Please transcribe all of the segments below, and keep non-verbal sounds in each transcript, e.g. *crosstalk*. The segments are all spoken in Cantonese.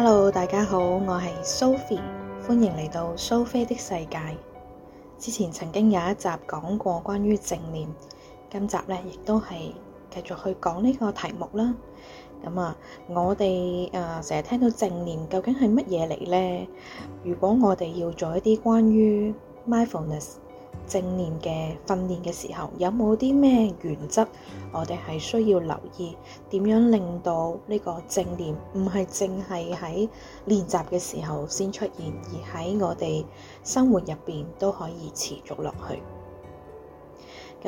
Hello，大家好，我係 Sophie，歡迎嚟到 Sophie 的世界。之前曾經有一集講過關於正念，今集咧亦都係繼續去講呢個題目啦。咁、嗯、啊，我哋誒成日聽到正念究竟係乜嘢嚟咧？如果我哋要做一啲關於 mindfulness，正念嘅訓練嘅時候，有冇啲咩原則我哋係需要留意？點樣令到呢個正念唔係淨係喺練習嘅時候先出現，而喺我哋生活入邊都可以持續落去？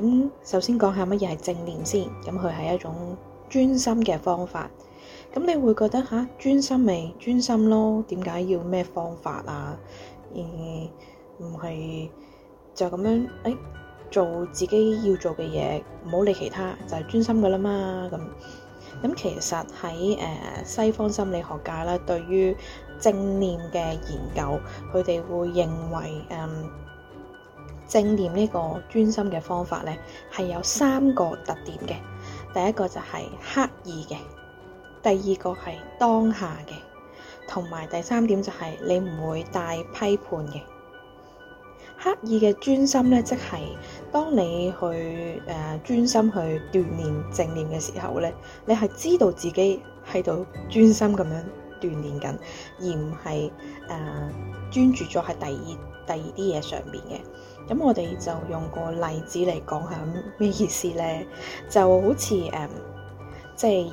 咁首先講下乜嘢係正念先？咁佢係一種專心嘅方法。咁你會覺得吓、啊、專心咪專心咯？點解要咩方法啊？而唔係？就咁樣，誒、哎，做自己要做嘅嘢，唔好理其他，就係、是、專心噶啦嘛。咁，咁其實喺誒、呃、西方心理學界啦，對於正念嘅研究，佢哋會認為，誒、呃，正念呢個專心嘅方法咧，係有三個特點嘅。第一個就係刻意嘅，第二個係當下嘅，同埋第三點就係你唔會帶批判嘅。刻意嘅專心咧，即係當你去誒專心去鍛煉正念嘅時候咧，你係知道自己喺度專心咁樣鍛煉緊，而唔係誒專注咗喺第二第二啲嘢上面嘅。咁我哋就用個例子嚟講下咩意思咧，就好似誒，即係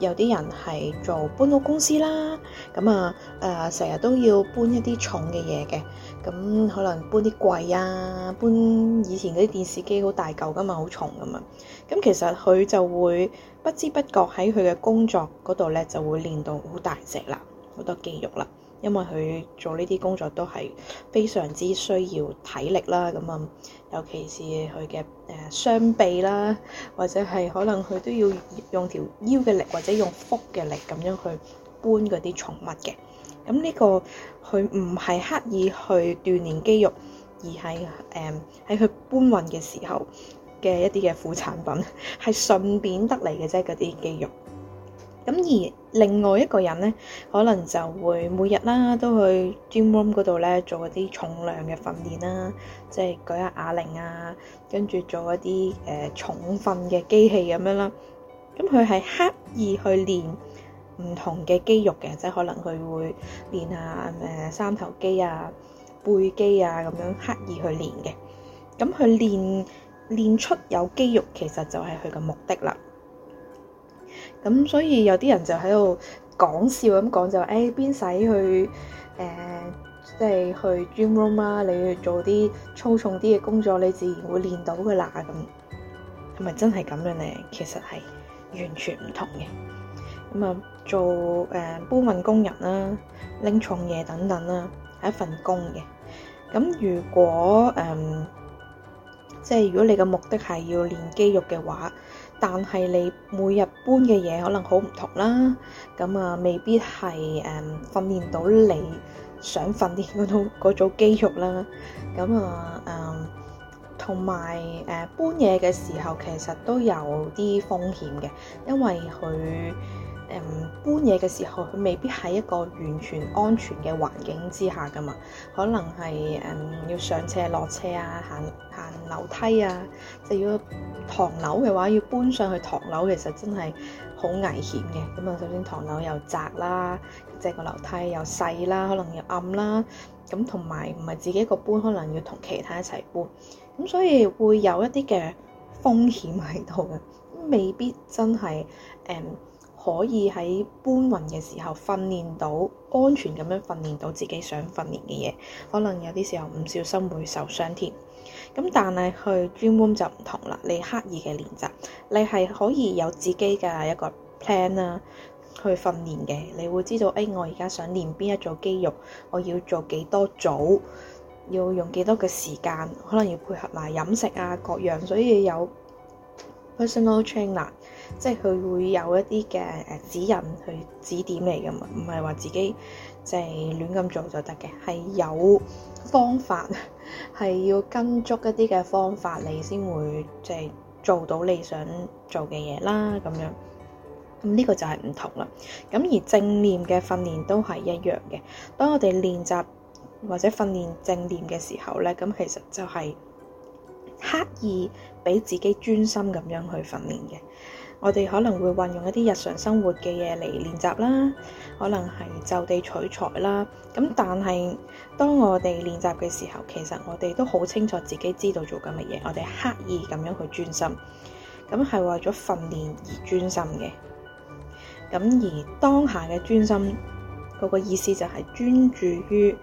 有啲人係做搬屋公司啦，咁啊誒，成日都要搬一啲重嘅嘢嘅。咁、嗯、可能搬啲櫃啊，搬以前嗰啲電視機好大嚿㗎嘛，好重㗎嘛。咁其實佢就會不知不覺喺佢嘅工作嗰度咧，就會練到好大隻啦，好多肌肉啦。因為佢做呢啲工作都係非常之需要體力啦。咁、嗯、啊，尤其是佢嘅誒雙臂啦，或者係可能佢都要用條腰嘅力，或者用腹嘅力咁樣去搬嗰啲重物嘅。咁呢、這個佢唔係刻意去鍛煉肌肉，而係誒喺佢搬運嘅時候嘅一啲嘅副產品係順便得嚟嘅啫，嗰啲肌肉。咁而另外一個人呢，可能就會每日啦都去 gym room 嗰度呢做一啲重量嘅訓練啦，即係舉下啞鈴啊，跟住做一啲誒、呃、重訓嘅機器咁樣啦。咁佢係刻意去練。唔同嘅肌肉嘅，即係可能佢會練下誒、呃、三頭肌啊、背肌啊咁樣刻意去練嘅。咁佢練練出有肌肉，其實就係佢嘅目的啦。咁所以有啲人就喺度講笑咁講就誒、話，邊、哎、使去誒、呃、即係去 gym room 啊。你去做啲粗重啲嘅工作，你自然會練到嘅啦。咁係咪真係咁樣咧？其實係完全唔同嘅。咁啊～做誒、呃、搬運工人啦，拎重嘢等等啦，係、啊、一份工嘅。咁如果誒、嗯，即係如果你嘅目的係要練肌肉嘅話，但係你每日搬嘅嘢可能好唔同啦，咁啊未必係誒、嗯、訓練到你想訓練嗰種肌肉啦。咁啊誒，同埋誒搬嘢嘅時候，其實都有啲風險嘅，因為佢。誒搬嘢嘅時候，佢未必喺一個完全安全嘅環境之下㗎嘛。可能係誒、嗯、要上車落車啊，行行樓梯啊，就要唐樓嘅話，要搬上去唐樓，其實真係好危險嘅。咁啊，首先唐樓又窄啦，即係個樓梯又細啦，可能又暗啦。咁同埋唔係自己一個搬，可能要同其他一齊搬，咁所以會有一啲嘅風險喺度嘅，未必真係誒。嗯可以喺搬運嘅時候訓練到安全，咁樣訓練到自己想訓練嘅嘢，可能有啲時候唔小心會受傷添。咁但係去 gym 就唔同啦，你刻意嘅練習，你係可以有自己嘅一個 plan 啦去訓練嘅。你會知道，誒、哎、我而家想練邊一組肌肉，我要做幾多組，要用幾多嘅時間，可能要配合埋飲食啊各樣，所以有 personal training 即係佢會有一啲嘅誒指引去指點你㗎嘛，唔係話自己即係亂咁做就得嘅，係有方法係要跟足一啲嘅方法，你先會即係做到你想做嘅嘢啦。咁樣咁呢、嗯這個就係唔同啦。咁而正念嘅訓練都係一樣嘅。當我哋練習或者訓練正念嘅時候咧，咁其實就係刻意俾自己專心咁樣去訓練嘅。我哋可能會運用一啲日常生活嘅嘢嚟練習啦，可能係就地取材啦。咁但係當我哋練習嘅時候，其實我哋都好清楚自己知道做緊乜嘢，我哋刻意咁樣去專心，咁係為咗訓練而專心嘅。咁而當下嘅專心，個、嗰個意思就係專注於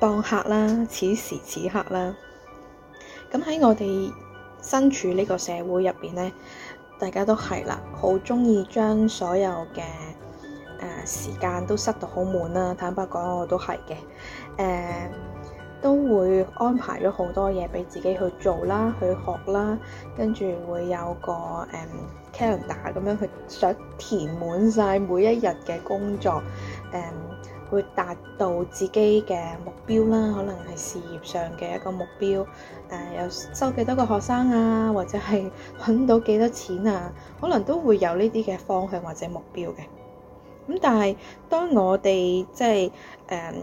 當刻啦，此時此刻啦。咁喺我哋身處呢個社會入邊呢。大家都係啦，好中意將所有嘅誒、呃、時間都塞到好滿啦。坦白講，我都係嘅，誒、呃、都會安排咗好多嘢俾自己去做啦、去學啦，跟住會有個誒、呃、calendar 咁樣去想填滿晒每一日嘅工作，誒、呃。會達到自己嘅目標啦，可能係事業上嘅一個目標，誒、呃、有收幾多個學生啊，或者係揾到幾多錢啊，可能都會有呢啲嘅方向或者目標嘅。咁但係當我哋即係誒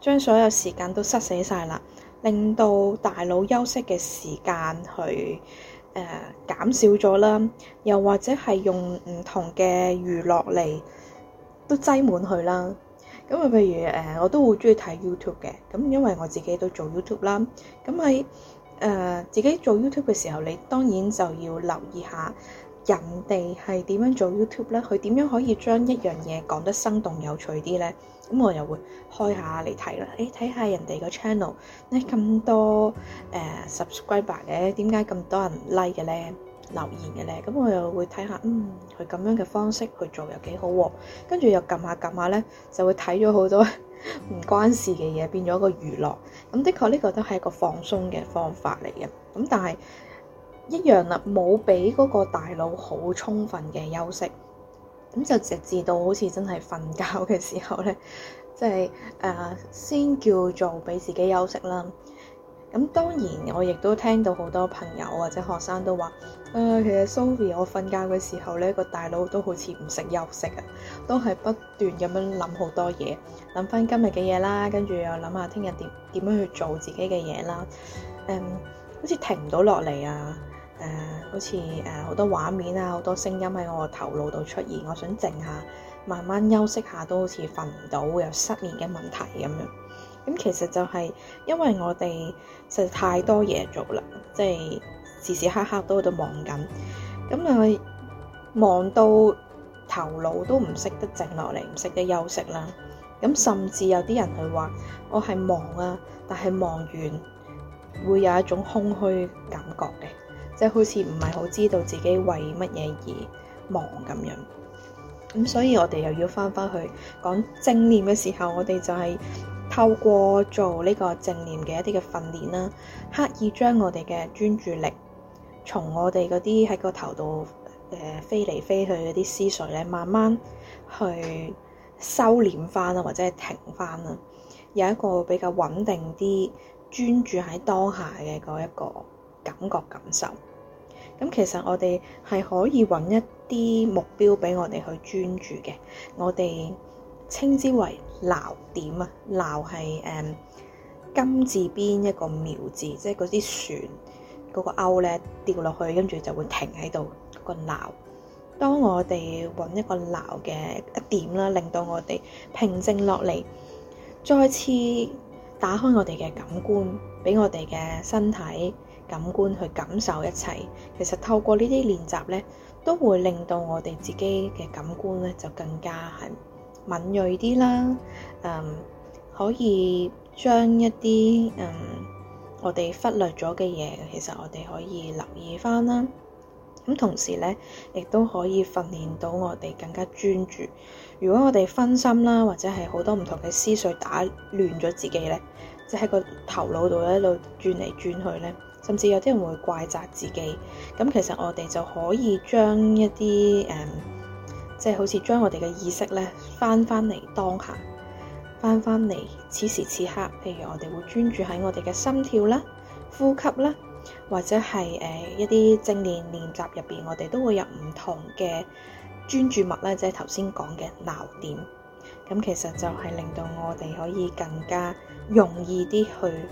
將所有時間都塞死晒啦，令到大腦休息嘅時間去誒減、呃、少咗啦，又或者係用唔同嘅娛樂嚟都擠滿佢啦。咁啊，譬如誒、呃，我都好中意睇 YouTube 嘅。咁因為我自己都做 YouTube 啦。咁喺誒自己做 YouTube 嘅時候，你當然就要留意下人哋係點樣做 YouTube 咧。佢點樣可以將一樣嘢講得生動有趣啲咧？咁我又會開下嚟睇啦。誒、哎，睇下人哋個 channel，你咁多誒 subscriber 嘅，點解咁多人 like 嘅咧？留言嘅咧，咁我又會睇下，嗯，佢咁樣嘅方式去做又幾好喎、啊，跟住又撳下撳下咧，就會睇咗好多唔 *laughs* 關事嘅嘢，變咗一個娛樂。咁的確呢個都係一個放鬆嘅方法嚟嘅，咁但係一樣啦，冇俾嗰個大腦好充分嘅休息，咁就直至到好似真係瞓覺嘅時候咧，即係誒先叫做俾自己休息啦。咁當然，我亦都聽到好多朋友或者學生都話，誒、呃，其實 Sophie，我瞓覺嘅時候咧，呢個大腦都好似唔識休息啊，都係不斷咁樣諗好多嘢，諗翻今日嘅嘢啦，跟住又諗下聽日點點樣去做自己嘅嘢啦。誒、嗯，好似停唔到落嚟啊！誒、呃，好似誒好多畫面啊，好多聲音喺我個頭腦度出現，我想靜下，慢慢休息下都好似瞓唔到，又失眠嘅問題咁樣。咁其實就係因為我哋實在太多嘢做啦，即係時時刻刻都喺度忙緊，咁啊忙到頭腦都唔識得靜落嚟，唔識得休息啦。咁甚至有啲人佢話我係忙啊，但係忙完會有一種空虛感覺嘅，即係好似唔係好知道自己為乜嘢而忙咁樣。咁所以我哋又要翻翻去講正念嘅時候，我哋就係。透過做呢個正念嘅一啲嘅訓練啦，刻意將我哋嘅專注力從我哋嗰啲喺個頭度誒飛嚟飛去嗰啲思緒咧，慢慢去收斂翻啦，或者係停翻啦，有一個比較穩定啲專注喺當下嘅嗰一個感覺感受。咁其實我哋係可以揾一啲目標俾我哋去專注嘅，我哋稱之為。錨點啊！錨係誒金字邊一個苗字，即係嗰啲船嗰、嗰個鈎咧掉落去，跟住就會停喺度、嗰個錨。當我哋揾一個錨嘅一點啦，令到我哋平靜落嚟，再次打開我哋嘅感官，俾我哋嘅身體感官去感受一切。其實透過呢啲練習呢，都會令到我哋自己嘅感官呢，就更加係。敏鋭啲啦，嗯，可以將一啲嗯我哋忽略咗嘅嘢，其實我哋可以留意翻啦。咁同時咧，亦都可以訓練到我哋更加專注。如果我哋分心啦，或者係好多唔同嘅思緒打亂咗自己咧，即係個頭腦度一路轉嚟轉去咧，甚至有啲人會怪責自己。咁其實我哋就可以將一啲誒。嗯即係好似將我哋嘅意識咧，翻翻嚟當下，翻翻嚟此時此刻。譬如我哋會專注喺我哋嘅心跳啦、呼吸啦，或者係誒、呃、一啲正念練習入邊，我哋都會有唔同嘅專注物咧，即係頭先講嘅錨點。咁其實就係令到我哋可以更加容易啲去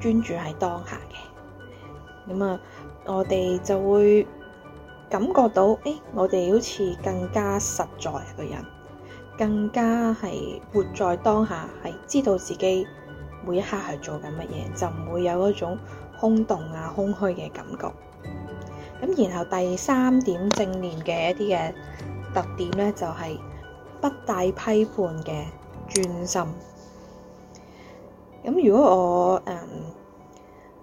專注喺當下嘅。咁啊，我哋就會，感覺到，誒、哎，我哋好似更加實在嘅人，更加係活在當下，係知道自己每一刻係做緊乜嘢，就唔會有一種空洞啊、空虛嘅感覺。咁，然後第三點正念嘅一啲嘅特點咧，就係、是、不帶批判嘅專心。咁如果我誒。嗯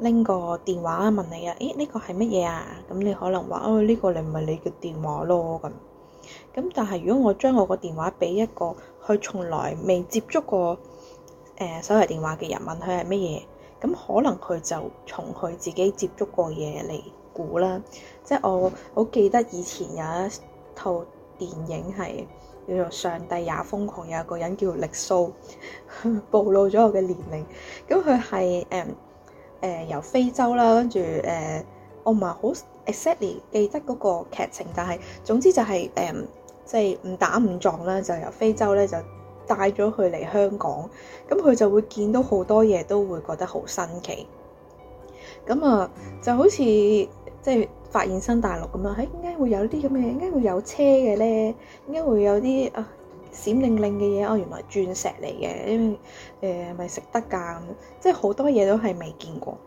拎個電話問你啊！誒，呢個係乜嘢啊？咁你可能話：哦、哎、呢個你唔係你嘅電話咯咁。咁但係如果我將我個電話俾一個佢從來未接觸過誒手提電話嘅人，問佢係乜嘢，咁可能佢就從佢自己接觸過嘢嚟估啦。即係我好記得以前有一套電影係叫做《上帝也瘋狂》，有一個人叫力蘇， *laughs* 暴露咗我嘅年齡。咁佢係誒。嗯誒、呃、由非洲啦，跟住誒，我唔係好 exactly 記得嗰個劇情，但係總之就係、是、誒，即係誤打誤撞啦，就由非洲咧就帶咗佢嚟香港，咁佢就會見到好多嘢，都會覺得好新奇。咁啊，就好似即係發現新大陸咁啦，哎點解會有啲咁嘅？點解會有車嘅咧？點解會有啲啊？閃靈靈嘅嘢，我原來鑽石嚟嘅，因為誒咪食得㗎，即係好多嘢都係未見過。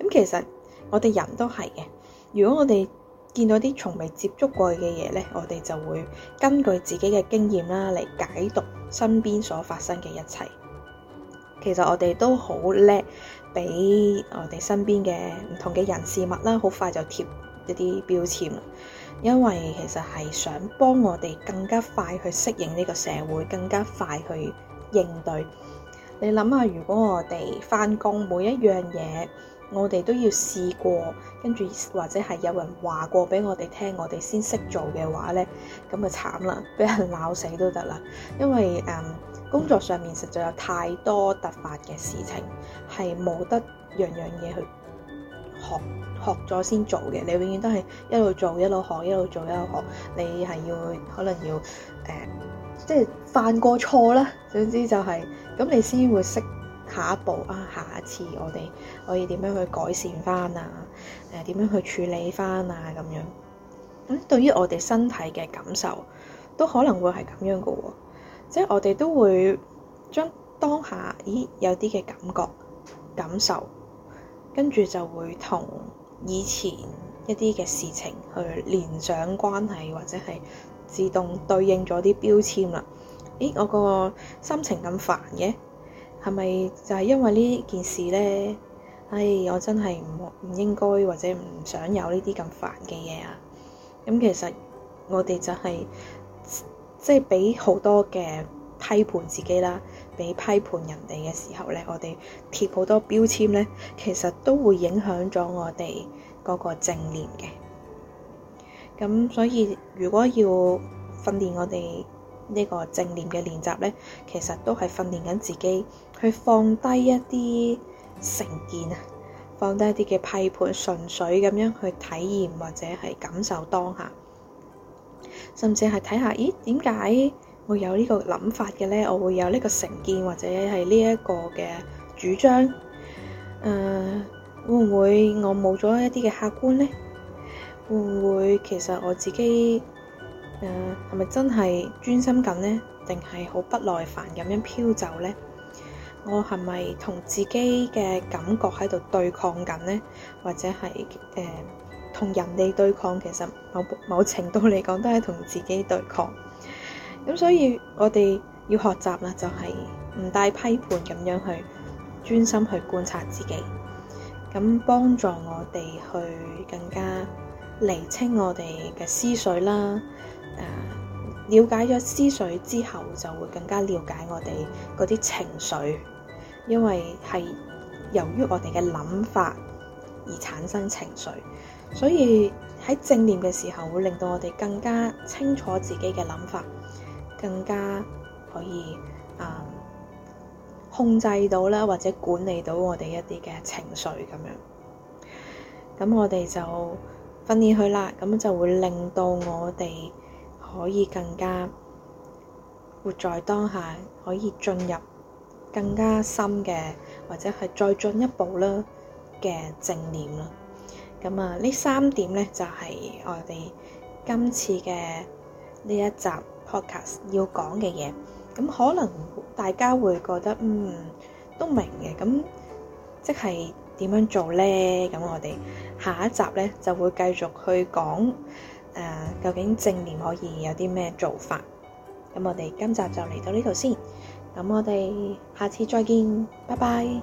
咁其實我哋人都係嘅，如果我哋見到啲從未接觸過嘅嘢咧，我哋就會根據自己嘅經驗啦嚟解讀身邊所發生嘅一切。其實我哋都好叻，俾我哋身邊嘅唔同嘅人事物啦，好快就貼一啲標籤。因為其實係想幫我哋更加快去適應呢個社會，更加快去應對。你諗下，如果我哋翻工每一樣嘢，我哋都要試過，跟住或者係有人話過俾我哋聽，我哋先識做嘅話呢，咁咪慘啦，俾人鬧死都得啦。因為誒、嗯、工作上面實在有太多突發嘅事情，係冇得樣樣嘢去。學學咗先做嘅，你永遠都係一路做一路學，一路做一路學。你係要可能要誒、呃，即係犯過錯啦，總之就係、是、咁，你先會識下一步啊。下一次我哋可以點樣去改善翻啊？誒、啊，點樣去處理翻啊？咁樣咁、嗯，對於我哋身體嘅感受，都可能會係咁樣噶、哦。即係我哋都會將當下，咦，有啲嘅感覺感受。跟住就會同以前一啲嘅事情去聯想關係，或者係自動對應咗啲標籤啦。咦，我個心情咁煩嘅，係咪就係因為呢件事呢？唉、哎，我真係唔唔應該或者唔想有呢啲咁煩嘅嘢啊！咁、嗯、其實我哋就係、是、即係俾好多嘅批判自己啦。俾批判人哋嘅時候咧，我哋貼好多標籤咧，其實都會影響咗我哋嗰個正念嘅。咁所以如果要訓練我哋呢個正念嘅練習咧，其實都係訓練緊自己去放低一啲成見啊，放低一啲嘅批判，純粹咁樣去體驗或者係感受當下，甚至係睇下咦點解？我有呢個諗法嘅呢，我會有呢個成見或者係呢一個嘅主張。誒、呃，會唔會我冇咗一啲嘅客觀呢？會唔會其實我自己誒係咪真係專心緊呢？定係好不耐煩咁樣飄走呢？我係咪同自己嘅感覺喺度對抗緊呢？或者係誒、呃、同人哋對抗？其實某某程度嚟講，都係同自己對抗。咁所以，我哋要學習啦，就係唔帶批判咁樣去專心去觀察自己，咁幫助我哋去更加釐清我哋嘅思緒啦。誒、啊，瞭解咗思緒之後，就會更加了解我哋嗰啲情緒，因為係由於我哋嘅諗法而產生情緒，所以喺正念嘅時候會令到我哋更加清楚自己嘅諗法。更加可以啊、uh, 控制到啦，或者管理到我哋一啲嘅情緒。咁樣，咁我哋就訓練佢啦，咁就會令到我哋可以更加活在當下，可以進入更加深嘅或者係再進一步啦嘅正念啦。咁啊，呢三點咧就係、是、我哋今次嘅呢一集要講嘅嘢，咁可能大家會覺得嗯都明嘅，咁即係點樣做呢？咁我哋下一集呢，就會繼續去講誒、呃，究竟正念可以有啲咩做法？咁我哋今集就嚟到呢度先，咁我哋下次再見，拜拜。